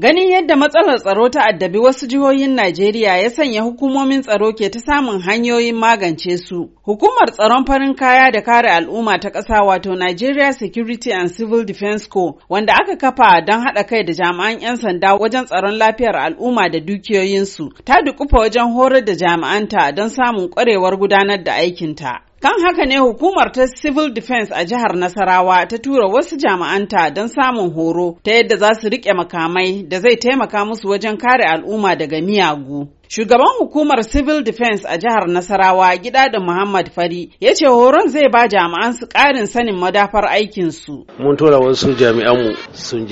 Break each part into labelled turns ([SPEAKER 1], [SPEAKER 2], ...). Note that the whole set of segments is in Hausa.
[SPEAKER 1] Ganin yadda matsalar tsaro ta addabi wasu jihohin Najeriya ya sanya hukumomin tsaro ke ta samun hanyoyin magance su. Hukumar tsaron farin kaya da kare al'umma ta ƙasa wato Nigeria Security and Civil Defense Co wanda aka kafa don haɗa kai da jami'an 'yan sanda wajen tsaron lafiyar al'umma da dukiyoyinsu ta dukufa wajen horar da jami'anta don samun ƙwarewar gudanar da aikinta. Kan haka ne hukumar ta Civil Defense a jihar Nasarawa ta tura wasu jama'anta don samun horo ta yadda za su riƙe makamai da zai taimaka musu wajen kare al'umma daga miyagu. Shugaban hukumar Civil Defense a jihar Nasarawa gida da Muhammad Fari ya ce horon zai ba jami'an su ƙarin sanin madafar aikinsu.
[SPEAKER 2] Mun tura wasu jami'anmu sun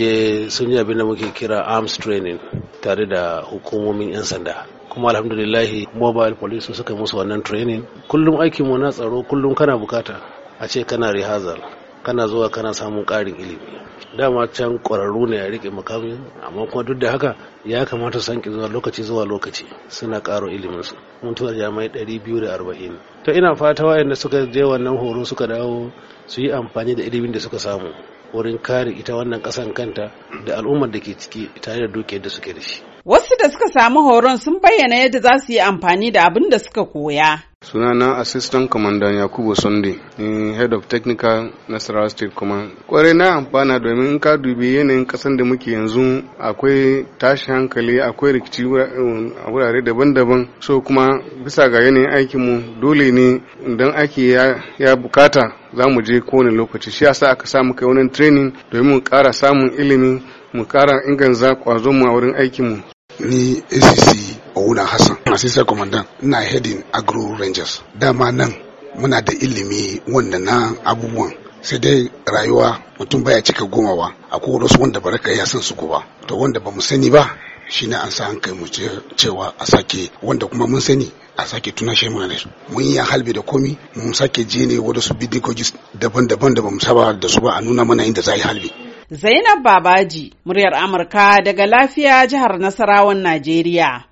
[SPEAKER 2] je abin da muke kira arms training tare da hukumomin 'yan sanda. kuma alhamdulillahi mobile police suka musu wannan training kullum aikin mu na tsaro kullum kana bukata a ce kana rehearsal kana zuwa kana samun karin ilimi dama can kwararru ne ya rike makami amma kuma duk da haka ya kamata san ki zuwa lokaci zuwa lokaci suna ƙaro iliminsu mun tura jami'ai ɗari biyu da arba'in ta ina fata wayanda suka je wannan horo suka dawo su yi amfani da ilimin da suka samu wurin kare ita wannan ƙasan kanta da al'ummar da ke ciki tare da dukiyar da suke da shi
[SPEAKER 1] Wasu da suka samu horon sun bayyana yadda za su yi amfani da abin da suka koya.
[SPEAKER 3] sunana assistant commandant yakubu sunday in head of technical Nasarawa state command kwarai na amfana domin in ka dubi yanayin kasan da muke yanzu akwai tashi hankali akwai rikici a wurare daban-daban so kuma bisa ga yanayin aikinmu dole ne idan aiki ya bukata za mu je kowane lokaci shi yasa aka samu kai wani training domin mu kara samun ilimi mu kara inganta
[SPEAKER 4] kwazo mu a wurin aikinmu ni acc ouna hassan assistant commandant ina heading agro rangers dama nan muna da ilimi wanda na abubuwan sai dai rayuwa mutum baya cika gomawa akwai wasu wanda baraka ya san su ba to wanda ba mu sani ba shi shine an sa kai mu cewa a sake wanda kuma mun sani a sake tuna shi mana da mun yi halbe da komi mun sake je ne wadansu bidigogi daban-daban da mu saba da su ba a nuna mana inda za a yi halbe
[SPEAKER 1] Zainab Babaji, muryar Amurka daga lafiya jihar Nasarawan Najeriya.